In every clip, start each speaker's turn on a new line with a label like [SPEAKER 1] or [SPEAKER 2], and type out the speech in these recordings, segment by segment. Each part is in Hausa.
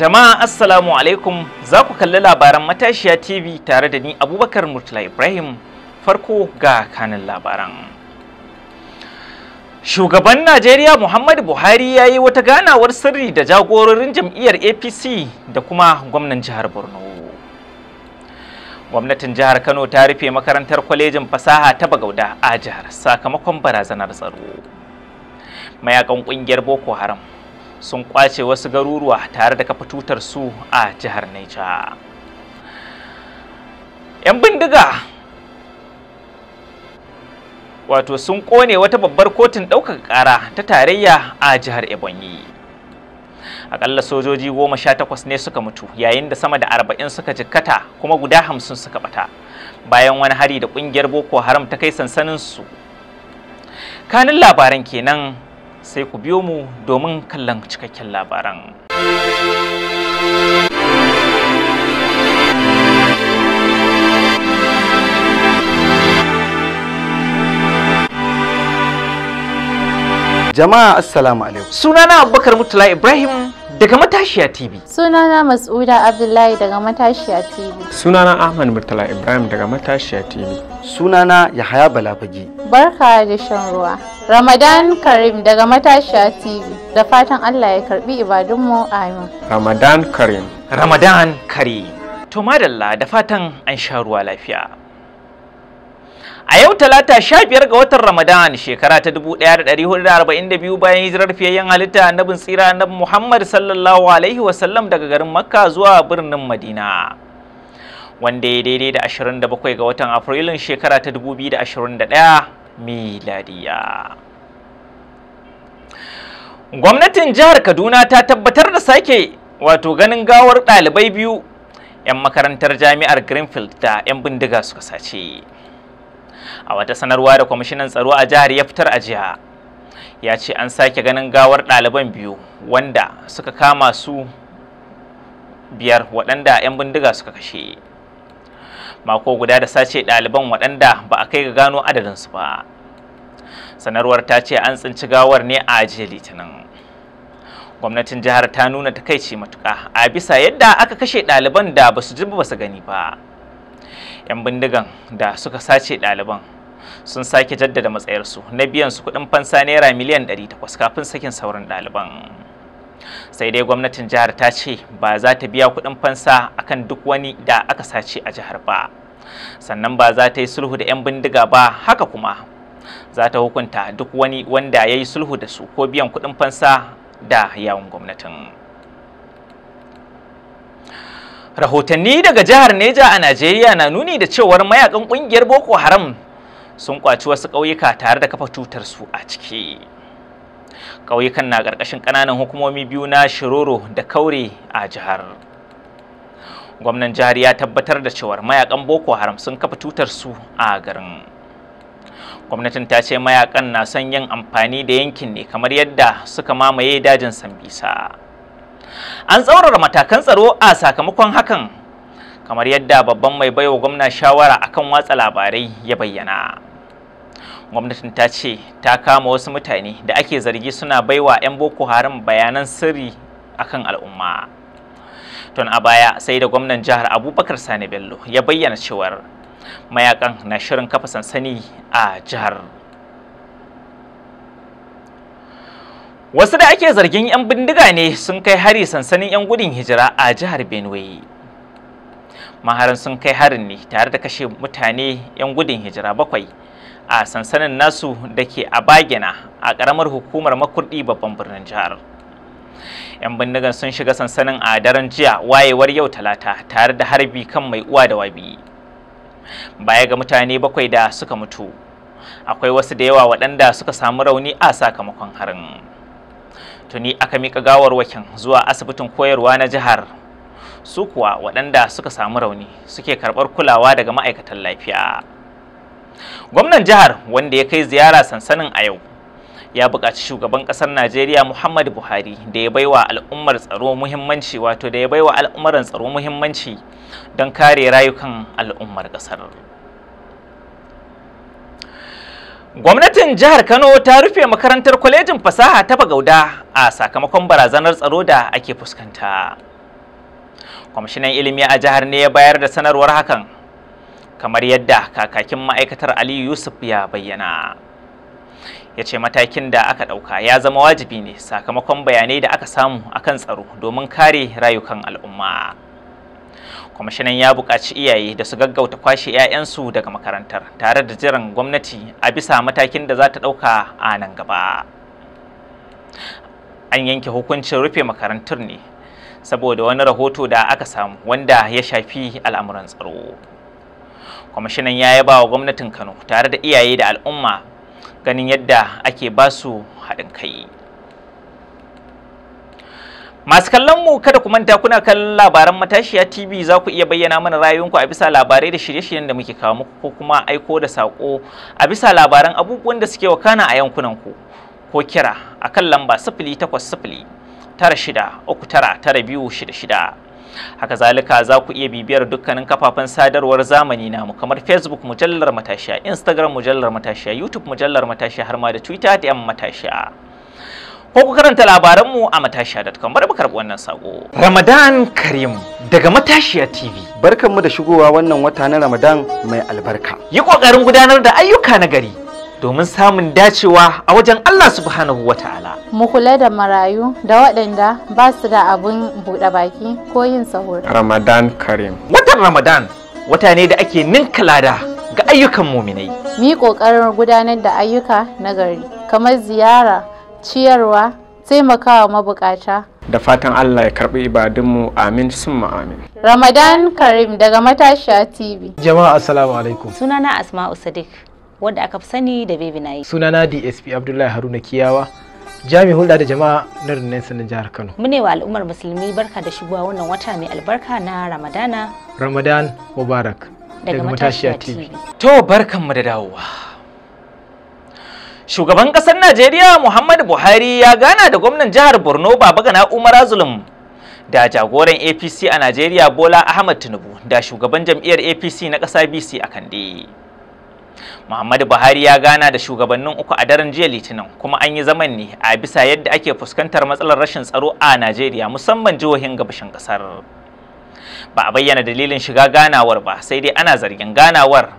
[SPEAKER 1] Jama'a Assalamu alaikum za ku kalli labaran matashiya TV tare da ni Abubakar Murtala Ibrahim farko ga kanin labaran. Shugaban Najeriya Muhammadu Buhari ya yi wata ganawar sirri da jagororin jam'iyyar APC da kuma gwamnan jihar Borno. Gwamnatin jihar Kano ta rufe makarantar kwalejin fasaha ta Bagauda a jihar sakamakon barazanar tsaro. Mayakan ƙungiyar Boko Haram sun kwace wasu garuruwa tare da kafa tutar su a jihar Niger. 'Yan bindiga wato sun kone wata babbar kotun ɗaukaka ƙara ta tarayya a jihar Ebonyi. Akalla sojoji goma sha takwas ne suka mutu yayin da sama da arba'in suka jikkata kuma guda hamsin suka bata bayan wani hari da ƙungiyar Boko Haram ta kai sansaninsu. Kanin labaran kenan sai ku biyo mu domin kallon cikakken labaran. Jama'a Assalamu alaikum. Sunana Abubakar Mutula Ibrahim daga Matashiya TV. Sunana Mas'uda Abdullahi daga Matashiya TV. Sunana Ahmad Murtala Ibrahim daga Matashiya TV. sunana Yahaya Balafage. Barka da shan ruwa. Ramadan Karim daga Matashiya TV da fatan Allah ya karbi ibadunmu amin. Ramadan Karim. Ramadan Karim. To madalla da fatan an sha ruwa lafiya. A yau talata sha biyar ga watan Ramadan shekara ta dubu ɗaya da ɗari hudu da arba'in da biyu bayan hijirar fiyayyen halitta annabin tsira annabi Muhammad sallallahu alaihi wasallam daga garin Makka zuwa birnin Madina. wanda ya daidai da 27 ga watan afrilun shekara ta 2021 miladiya gwamnatin jihar kaduna ta tabbatar da sake wato ganin gawar ɗalibai biyu 'yan makarantar jami'ar greenfield da 'yan bindiga suka sace a wata sanarwa da kwamishinan tsaro a jihar ya fitar a jiha ya ce an sake ganin gawar ɗaliban biyu wanda suka kama su biyar waɗanda 'yan bindiga suka kashe mako guda da sace ɗaliban waɗanda ba a kai ga gano adadinsu ba sanarwar ta ce an tsinci gawar ne a jiya litinin gwamnatin jihar ta nuna takaici matuka a bisa yadda aka kashe ɗaliban da ba su ji ba su gani ba 'yan bindigan da suka sace ɗaliban sun sake jaddada matsayarsu na biyan su kuɗin fansa naira miliyan 800 kafin sakin sauran ɗaliban. sai dai gwamnatin jihar ta ce ba za ta biya kuɗin fansa akan duk wani da aka sace a jihar ba sannan ba za ta yi sulhu da 'yan bindiga ba haka kuma za ta hukunta duk wani wanda ya yi sulhu da su ko biyan kuɗin fansa da yawon gwamnatin rahotanni daga jihar neja a najeriya na nuni da cewar mayakan kungiyar boko haram sun kwaci wasu ƙauyuka tare da kafa tutar su a ciki ƙauyukan na ƙarƙashin ƙananan hukumomi biyu na shiroro da kaure a jihar gwamnan jihar ya tabbatar da cewa mayakan boko haram sun kafa tutar su a garin gwamnatin ta ce mayakan na son yin amfani da yankin ne kamar yadda suka mamaye dajin sambisa an tsaurara matakan tsaro a sakamakon hakan kamar yadda babban mai baiwa gwamna shawara akan watsa labarai ya bayyana gwamnatin ta ce ta kama wasu mutane da ake zargi suna baiwa 'yan boko haram bayanan sirri akan al'umma tun a baya sai da gwamnan jihar abubakar sani bello ya bayyana cewar mayakan na shirin kafa sansani a jihar wasu da ake zargin 'yan bindiga ne sun kai hari sansanin 'yan gudun hijira a jihar benue maharan sun kai harin ne tare da kashe mutane 'yan gudun hijira bakwai a sansanin nasu da ke a bagina a ƙaramar hukumar makurdi babban birnin jihar 'yan bindigan sun shiga sansanin a daren jiya wayewar yau talata tare da harbi kan mai uwa da wabi baya ga mutane bakwai da suka mutu akwai wasu da yawa waɗanda suka samu rauni a sakamakon harin tuni aka mika gawarwakin zuwa asibitin koyarwa na jihar su kuwa waɗanda suka samu rauni suke karɓar kulawa daga ma'aikatan lafiya gwamnan jihar wanda ya kai ziyara sansanin a yau ya buƙaci shugaban ƙasar najeriya muhammadu buhari da ya baiwa al'ummar tsaro muhimmanci wato da ya baiwa al'ummar tsaro muhimmanci don kare rayukan al'ummar ƙasar gwamnatin jihar kano ta rufe makarantar kwalejin fasaha ta bagauda a sakamakon barazanar tsaro da ake fuskanta kwamishinan ilimi a jihar ne ya bayar da sanarwar hakan kamar yadda kakakin ma'aikatar Aliyu Yusuf ya bayyana. ya ce matakin da aka ɗauka ya zama wajibi ne sakamakon bayanai da aka samu akan tsaro domin kare rayukan al'umma kwamishinan ya buƙaci iyaye da su gaggauta kwashe 'ya'yansu daga makarantar tare da jiran gwamnati a bisa matakin da za ta ɗauka a nan gaba an yanke hukuncin rufe makarantar ne saboda wani rahoto da aka samu wanda ya shafi al'amuran tsaro kwamishinan ya yaba wa gwamnatin kano tare da iyaye da al'umma ganin yadda ake ba su haɗin kai masu kallon mu kada ku manta kuna kallon labaran matashiya tv za ku iya bayyana mana rayuwanku a bisa labarai da shirye-shiryen da muke kawo muku ko kuma aiko da saƙo a bisa labaran abubuwan da suke wakana a yankunan ku ko kira kan lamba sifili takwas sifili tara shida uku tara tara biyu shida shida haka zalika za ku iya bibiyar dukkanin kafafen sadarwar zamani namu kamar facebook mujallar matashiya instagram mujallar matashiya youtube mujallar matashiya har ma da twitter da yan matashiya ko ku karanta labaran mu a matashiya.com bari mu karɓi wannan sako. Ramadan Karim daga Matashiya TV. Barkanmu da shigowa wannan wata na Ramadan mai albarka. Yi ƙoƙarin gudanar da ayyuka na gari domin samun dacewa a wajen Allah subhanahu wa ta'ala. Mu kula da marayu da waɗanda ba su da abun buɗe baki ko yin sahur. Ramadan Karim. Watan Ramadan wata ne da ake ninka lada ga ayyukan muminai. Mi ƙoƙarin gudanar da ayyuka na gari kamar ziyara, ciyarwa, taimakawa mabukata. Da fatan Allah ya karɓi ibadunmu amin summa amin. Ramadan Karim daga Matashiya TV. Jama'a assalamu alaikum. Sunana Asma'u Sadiq. wanda aka fi sani da baby suna sunana dsp abdullahi haruna kiyawa jami hulɗa da jama'a na rinnan sanin jihar kano mune wa al'ummar musulmi barka da shigowa wannan wata mai albarka na ramadana ramadan mubarak daga matashiya tv to mu da dawowa shugaban ƙasar najeriya muhammadu buhari ya gana da gwamnan jihar borno baba gana umar azulum da jagoran apc a najeriya bola ahmad tinubu da shugaban jam'iyyar apc na ƙasa bc a kande Muhammadu Buhari ya gana da shugabannin uku a daren jiya Litinin kuma an yi zaman ne a bisa yadda ake fuskantar matsalar rashin tsaro a Najeriya musamman jihohin gabashin kasar. Ba a bayyana dalilin shiga ganawar ba sai dai ana zargin ganawar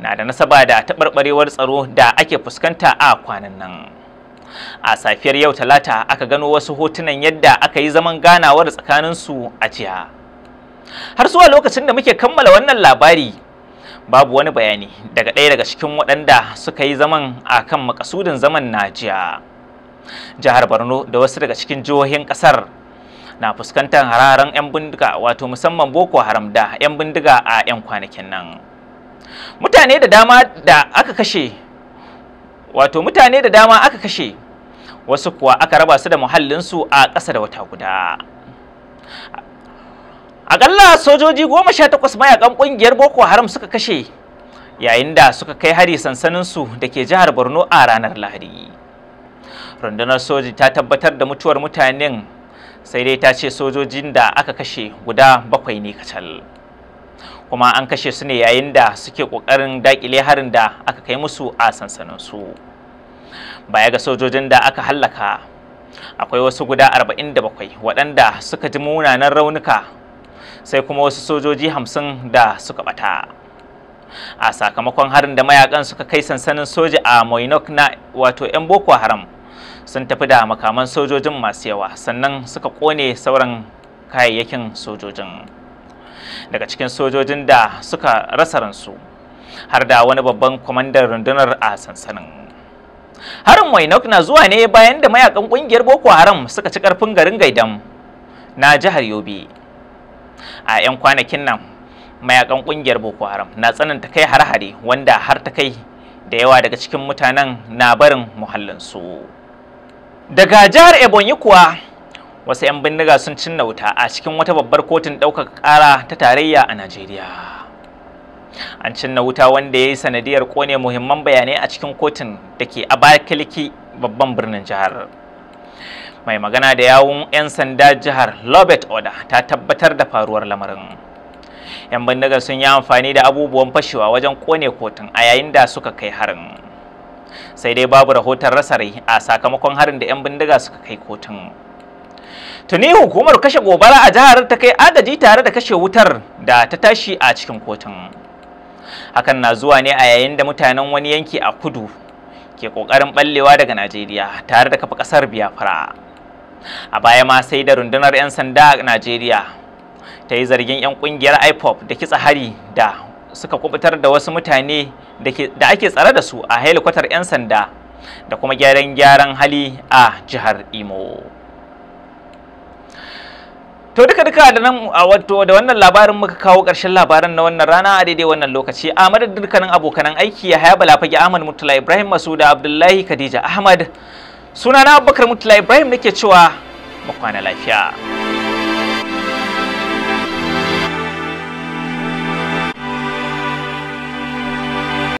[SPEAKER 1] na da nasaba da taɓarɓarewar tsaro da ake fuskanta a kwanan nan. a safiyar yau talata aka gano wasu hotunan yadda aka yi zaman ganawar tsakaninsu a jiya. har zuwa lokacin da muke kammala wannan labari babu wani bayani daga ɗaya daga cikin waɗanda suka yi zaman a kan makasudin zaman najiya jihar borno da wasu daga cikin jihohin ƙasar na fuskantar hararen 'yan bindiga wato musamman boko haram da 'yan bindiga a 'yan kwanakin nan mutane da dama da aka kashe wato mutane da dama aka kashe wasu kuwa aka raba su da muhallinsu a ƙasa da wata guda akalla sojoji goma sha takwas mayakan kungiyar boko haram suka kashe yayin da suka kai hari sansaninsu da ke jihar borno a ranar lahadi rundunar soji ta tabbatar da mutuwar mutanen sai dai ta ce sojojin da aka kashe guda bakwai ne kacal kuma an kashe su ne yayin da suke kokarin dakile harin da aka kai musu a sansaninsu baya ga sojojin da aka hallaka akwai wasu guda 47 waɗanda suka ji munanan raunuka sai kuma wasu sojoji hamsin da suka bata a sakamakon harin da mayakan suka kai sansanin soja a moinok na wato 'yan boko haram sun tafi da makaman sojojin masu yawa sannan suka kone sauran kayayyakin sojojin daga cikin sojojin da suka rasa ransu har da wani babban kwamandan rundunar a sansanin harin moinok na zuwa ne bayan da mayakan kungiyar boko haram suka ci karfin garin gaidam na jihar yobe a 'yan kwanakin nan mayakan kungiyar boko haram na tsananta kai har-hare wanda har ta kai da yawa daga cikin mutanen na barin muhallinsu
[SPEAKER 2] daga jihar
[SPEAKER 1] ebonyi kuwa wasu 'yan bindiga sun cinna wuta a cikin wata babbar kotun ɗaukaka ƙara ta tarayya a najeriya an cinna wuta wanda ya yi sanadiyar kone muhimman bayanai a cikin kotun da ke abakaliki babban birnin jihar mai magana da yawun 'yan sanda jihar lobet oda ta tabbatar da faruwar lamarin 'yan bindigar sun yi amfani da abubuwan fashewa wajen kone kotun a yayin da suka kai harin sai dai babu rahoton rasa rai a sakamakon harin da 'yan bindiga suka kai kotun tuni hukumar kashe gobara a jihar ta kai agaji tare da kashe wutar da ta tashi a cikin kotun hakan na zuwa ne a yayin da mutanen wani yanki a kudu ke ƙoƙarin ɓallewa daga Najeriya tare da kafa ƙasar Biafra. a baya ma sai da rundunar 'yan sanda a najeriya ta yi zargin 'yan kungiyar ipop da kitsa hari da suka kubutar da wasu mutane da ake tsare da su a helikwatar 'yan sanda da kuma gyaran gyaran hali a jihar imo to duka duka da nan a wato da wannan labarin muka kawo ƙarshen labaran na wannan rana a daidai wannan lokaci a madadin dukkanin abokanan aiki ya haya fage ahmad mutula ibrahim masuda abdullahi khadija ahmad Suna na abubakar mutula ibrahim nake cewa mu kwana lafiya